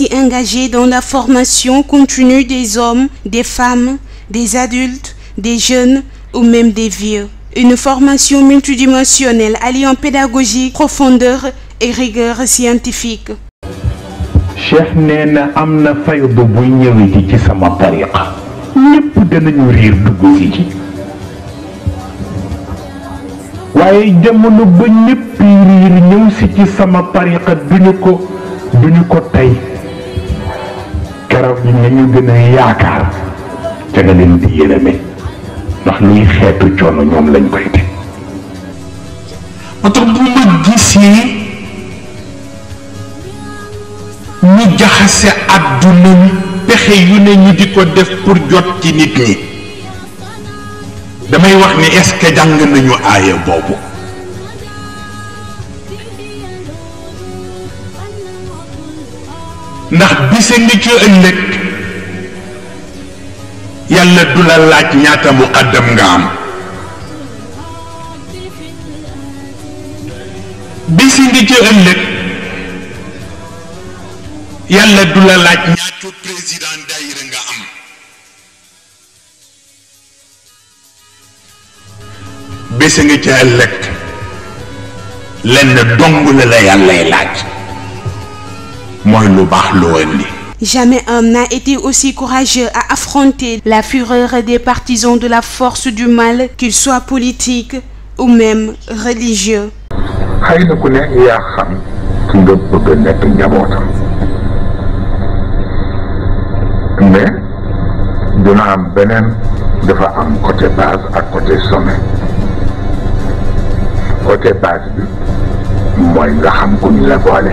aussi engagé dans la formation continue des hommes, des femmes, des adultes, des jeunes ou même des vieux. Une formation multidimensionnelle alliant pédagogie, profondeur et rigueur scientifique. cheikh Nena Amna am na faydu bu ñëwiti ci sama tariqa ñépp danañu riir dugg si ci waaye jamono ba ñéppi riir ñëw ci sama tariqa ko duñu ko keroog ñi ñu gën yaakaar ca nga di yërëme ndax ñuy xeetu coono ñoom lañ koy teg moo tax bu ma gisee ñu jaxase àdduna pexe yu ne ñu di ko def pour jot ci nit ñi damay wax ni est-ce que jàng nañu aaya boobu ndax bisa ngi ci ëllëg yàlla du la laaj ñaata muqaddam nga am bisa ngi ci ëllëg yàlla du la laaj ñaata président daayira nga am bisa ngi ci ëllëg lenn dong la la yàllay laaj moi lu baax loo indi. Jamais homme n'a été aussi courageux à affronter la fureur des partisans de la force du mal, qu'ils soient politiques ou même religieux. xëy na ku nekk yaa mais dina am beneen dafa am côté base ak côté sommet côté base bi mooy nga xam ku ñu la boole.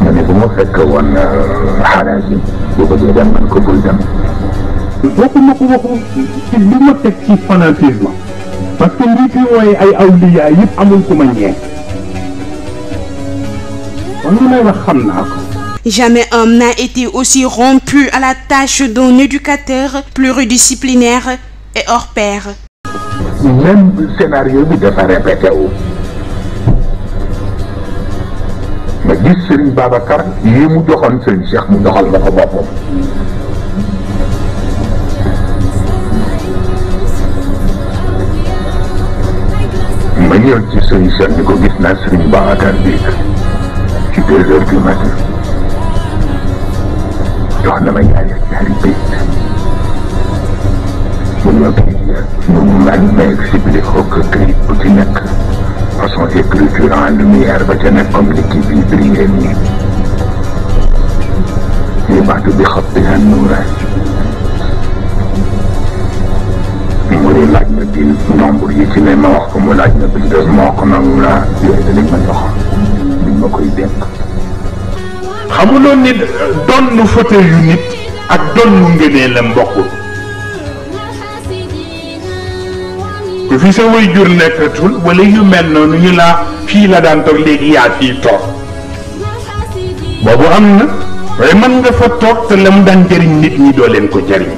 un Jamais homme n'a été aussi rompu à la tâche d'un éducateur pluridisciplinaire et hors pair. Même scénario li Serigne Babacar yi mu joxoon Serigne Cheikh mu doxal na ko boppam ma ñëw ci Serigne Cheikh ni ko gis na Serigne Babacar bi ci deux heures du matin jox na ma ñaari ñaari bi mu ñëw ci ñu mën ma expliquer ko que ઠેર આંગણી اربجنات أملكي بإبرياء مني يبعد بخطها النوراني مولي اللجنة دي نعمري كلي مواقم ولجنة بالدز مواقم أولا يهدلك من لخان من مكوي بينك xamuloon ni donn fauteuil yu nit ak donn ngëneelam bokkul bu fi sa way jur nekkatul wala yu mel noonu ñu laa fii la daan toog léegi yaa fii toog boobu am na waaye mën nga fa toog te la mu daan jëriñ nit ñi doo leen ko jëriñ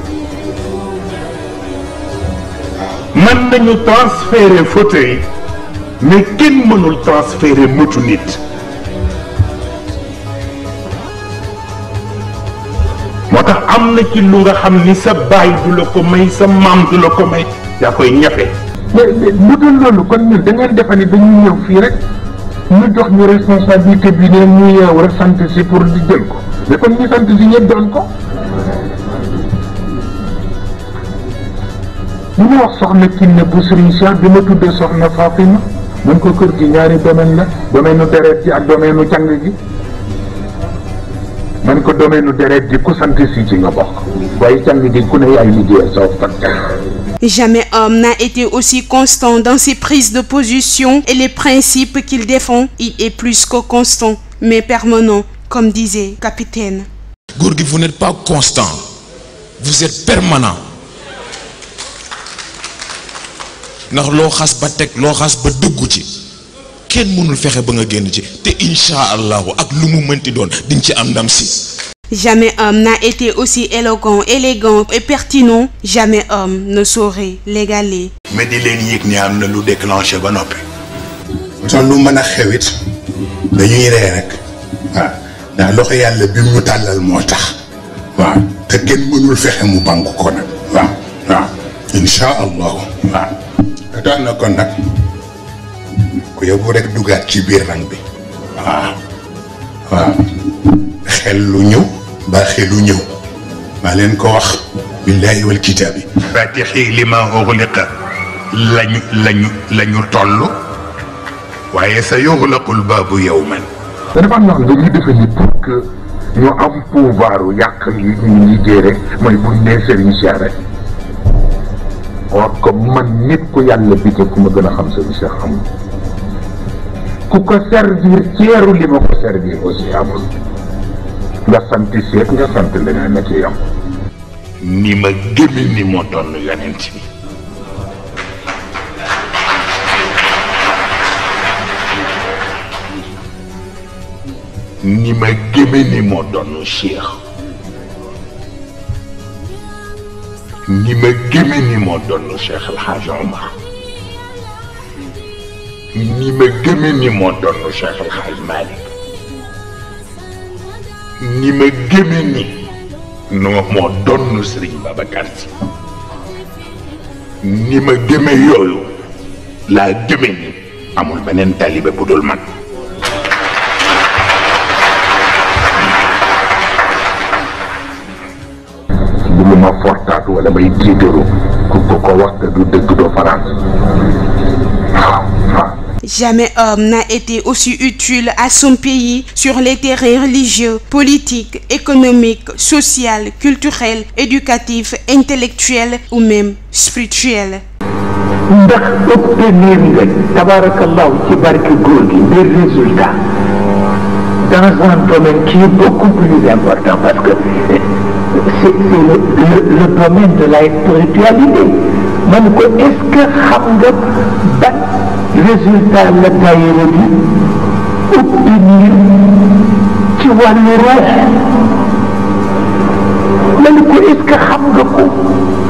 mën nañu transférer fauteuil mais kenn mënul transférer motu nit moo tax am na ci lu nga xam ni sa baay du la ko may sa maam du la ko may yaa koy ñafe lu dul loolu kon ñun da ngeen defa ni dañuy ñëw fii rek ñu jox ñu responsabilité bi ne ñu yeew rek sant si pour di jël ko mais kon ñu sant si ñëpp doon ko bu ma wax soxna Kiné bu Serigne Cheikh bi ma tuddee soxna Fatima mën ko kër gi ñaari domaine la domaine nu deret ji ak domaine nu jàng gi man ko domaine nu deret ji ku sant si ci nga bokk waaye jàng gi ku ne yaay liggéeyal sa waxtaan Jamais homme n'a été aussi constant dans ses prises de position et les principes qu'il défend. Il est plus que constant, mais permanent, comme disait capitaine. Gourgui, vous n'êtes pas constant, vous êtes permanent. Jamais homme n'a été aussi éloquent, élégant et pertinent. Jamais homme ne saurait l'égaler. mais de leen yëg ni am na lu déclenché ba noppi. son lu mën a xewit dañuy ree rek waaw ndax loxo yàlla bi mu te ken mënul fexe mu bànk ko nag Wa, waaw incha allahu waaw te tax na kon nag ku yóbbu rek dugaat ci biir rang bi waaw waaw xel lu باخلو نيو ما لين كو واخ بالله والكتاب فاتحي لما اغلق لن لن لن تول واي سيغلق الباب يوما دا دا نخ نعم، دا ني ديفاني بور كو نو ام بوفارو ياك ني ني ديري ماي بو ني سيرين شارع وكو من نيت كو يالا بيتي كوما غنا خام سيرين شيخ خام كوكو سيرفير تيرو لي مكو سيرفير اوسي امون nga sant nga sant leneen na yam ni ma gëme ni moo doon yonent ni ma gëme ni moo doon cheikh ni ma gëme ni moo doon cheikh alxaaj omar ni ma gëme ni moo doon cheikh alxaaj malik ñi ma gëme ni noo moo donn Serigne Babacar Sy ni ma gëme yooyu laa gëme ni amul beneen taalibe bu dul man bu lu ma fortaat wala may tiitaru ku ko ko du dëgg doo faraan Jamais homme n'a été aussi utile à son pays sur les terrains religieux, politiques, économiques, social, culturels, éducatifs, intellectuels ou même spirituels. des résultats dans un domaine qui est beaucoup plus important parce que eh, c'est le, le, domaine de la spiritualité Même est-ce que xam ban résultat la daayira bi ubbi ngir ci ni ko est-ce que xam nga ko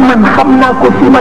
man xam naa ko fi ma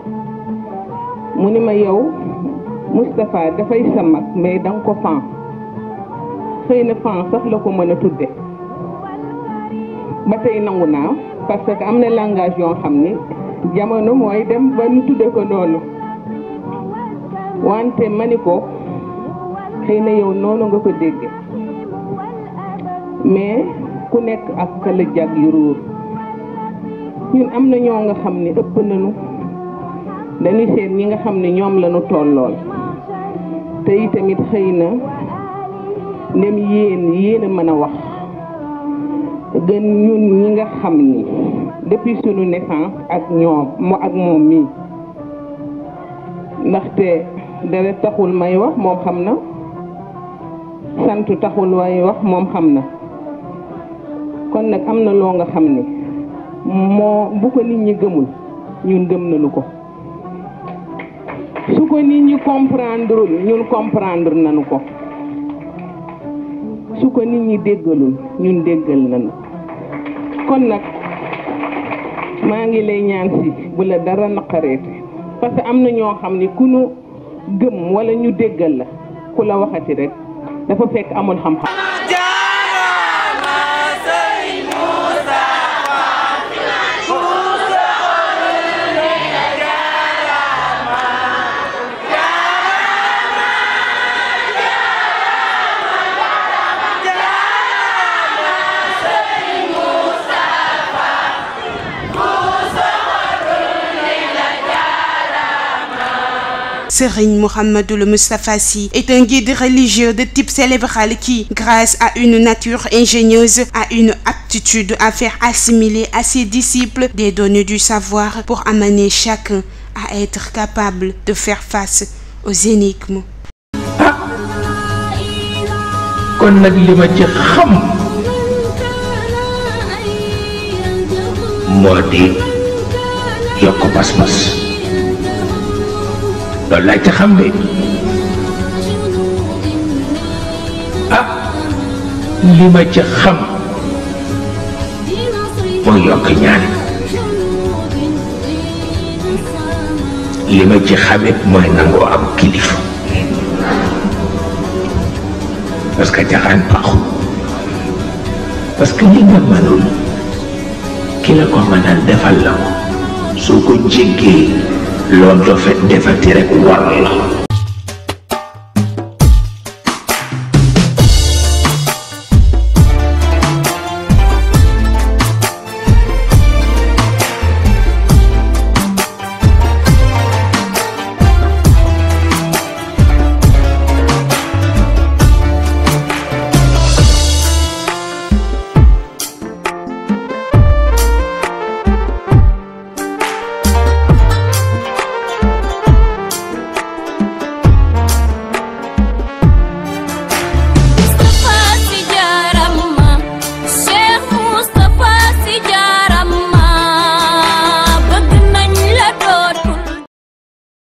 mu ni ma yow Moustapha dafay sa mais da ko fan xëy na fan sax la ko mën a tudde ba tey nangu naa parce que am na langage yoo xam ni jamono mooy dem ba nu tudde ko noonu wante ma ni ko xëy na yow noonu nga ko dégge mais ku nekk ak kala jag yu ruur ñun am na ñoo nga xam ni ëpp nañu dañuy seet ñi nga xam ne ñoom la ñu tollool te itamit xëy na ndem yéen yéen a mën a wax gën ñun ñi nga xam ni depuis sunu naissance ak ñoom mo ak moom mii ndaxte deret taxul may wax moom xam na sant taxul way wax moom xam na kon nag am na loo nga xam ni moo bu ko nit ñi gëmul ñun gëm nañu ko ko nit ñi comprendre ñun comprendre nañu ko su ko nit ñi déggalul ñun déggal nañu kon nag maa ngi lay ñaan si bu la dara naqareete parce que am na ñoo xam ni ku nu gëm wala ñu déggal la ku la waxati rek dafa fekk amul xam-xam Serine Mohamedou le est un guide religieux de type célébral qui, grâce à une nature ingénieuse, a une aptitude à faire assimiler à ses disciples des données du savoir pour amener chacun à être capable de faire face aux énigmes. loolu laa ci xam de ah li ma ci xam mooy yokk ñaan li ma ci xamit mooy nangoo am kilifa parce que jaxaan baaxul parce que li nga mënul ki la ko mënal defal la ko soo ko jéggee loo dofet defati rek war la